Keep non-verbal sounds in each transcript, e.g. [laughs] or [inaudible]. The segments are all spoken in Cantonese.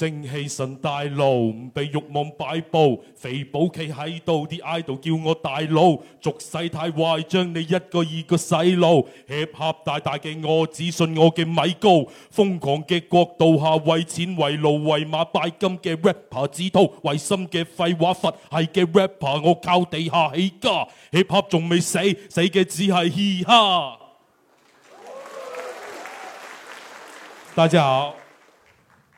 精氣神大佬唔被慾望擺佈，肥寶企喺度，啲 idol 叫我大佬。俗世太壞，將你一個二個洗腦。Hip Hop 大大嘅我，只信我嘅米高。瘋狂嘅國度下，為錢為路、為馬，拜金嘅 rapper 指兔，違心嘅廢話佛系嘅 rapper。我靠地下起家，Hip Hop 仲未死，死嘅只係嘻哈。大家好。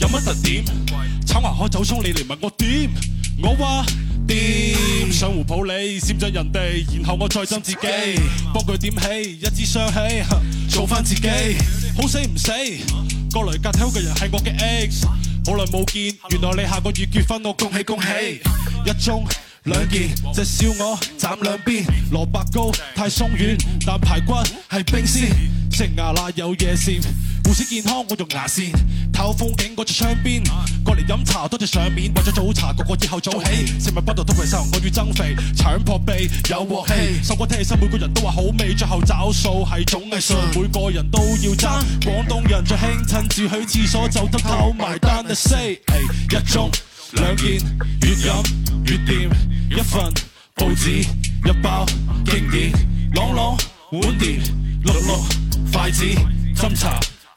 有乜特點？炒華海走卒，你嚟問我點？我話掂上胡普，你先咗人哋，然後我再憎自己，幫佢點起一支雙喜，做翻自己，好死唔死？過來隔廳嘅人係我嘅 ex，好耐冇見，原來你下個月結婚我，我恭喜恭喜。 [laughs] 一盅兩件，隻燒鵝斬兩邊，蘿蔔糕太鬆軟，但排骨係冰鮮，食牙辣有嘢先護身健康我用牙線，睇好風景嗰張窗邊，過嚟飲茶多謝上面，為咗早茶個個以後早起，食物不度都係三毫，我要增肥，強迫鼻，有鑊氣，首歌聽起身每個人都話好味，最後找數係種藝術，每個人都要爭。廣東人最興趁住去廁所就吞透埋單，they say 一盅兩件，越飲越掂，一份報紙一包經典，朗朗碗碟碌碌筷子斟茶。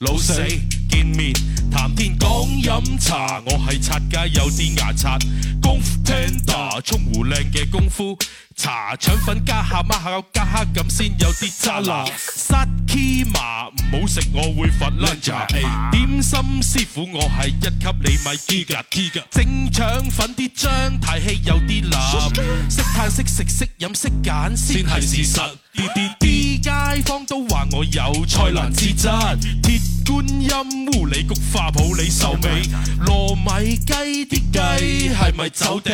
老死見面談天講飲茶，我係擦街有啲牙擦。功夫聽打沖壺靚嘅功夫茶，腸粉加下孖下加黑咁先有啲渣啦，Sakima 唔好食我會發爛渣。點心師傅我係一級你咪知噶知噶，整腸粉啲漿太稀有啲腍，識嘆識食識飲識揀先係事實，先是事實都話我有菜蘭之質，鐵觀音、烏里菊花、普洱、壽眉、糯米雞啲雞係咪走地？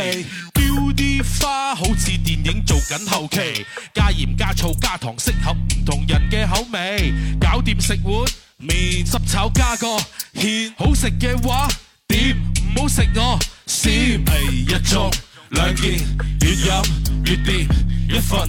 雕啲花好似電影做緊後期，加鹽加醋加糖，適合唔同人嘅口味。搞掂食碗麵濕炒加個芡，好食嘅話點唔好食我屎。一盅兩件，越飲越掂，一份。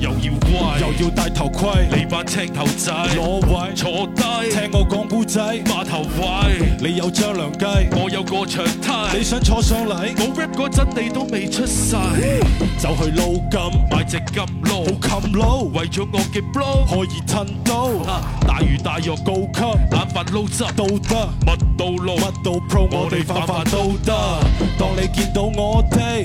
又要威，又要戴頭盔，你班青頭仔攞位坐低，聽我講古仔。碼頭位，你有張良雞，我有個長梯。你想坐上嚟，冇 rap 嗰陣你都未出世，哦，就去撈金，買隻金撈。冇冚佬，low, 為咗我嘅 blow 可以吞到，啊。大魚大肉高級，眼瞓撈汁都得，乜都撈乜都 pro，我哋範範都得。當你見到我哋。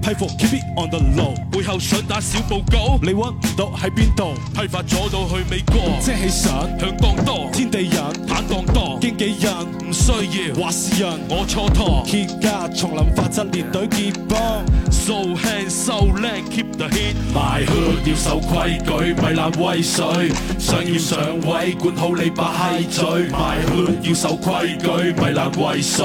批覆，keep it on the low，背後想打小報告，你揾唔到喺邊度，批發咗到去美國，遮起傘，響當當，天地人，坦蕩蕩，經紀人唔需要，話事人我錯托，企業家叢林法則，連隊結幫，So 輕 so 叻 keep the heat，My hood 要守規矩，咪爛威水，想要上位，管好你把閪嘴，My hood 要守規矩，咪爛威水。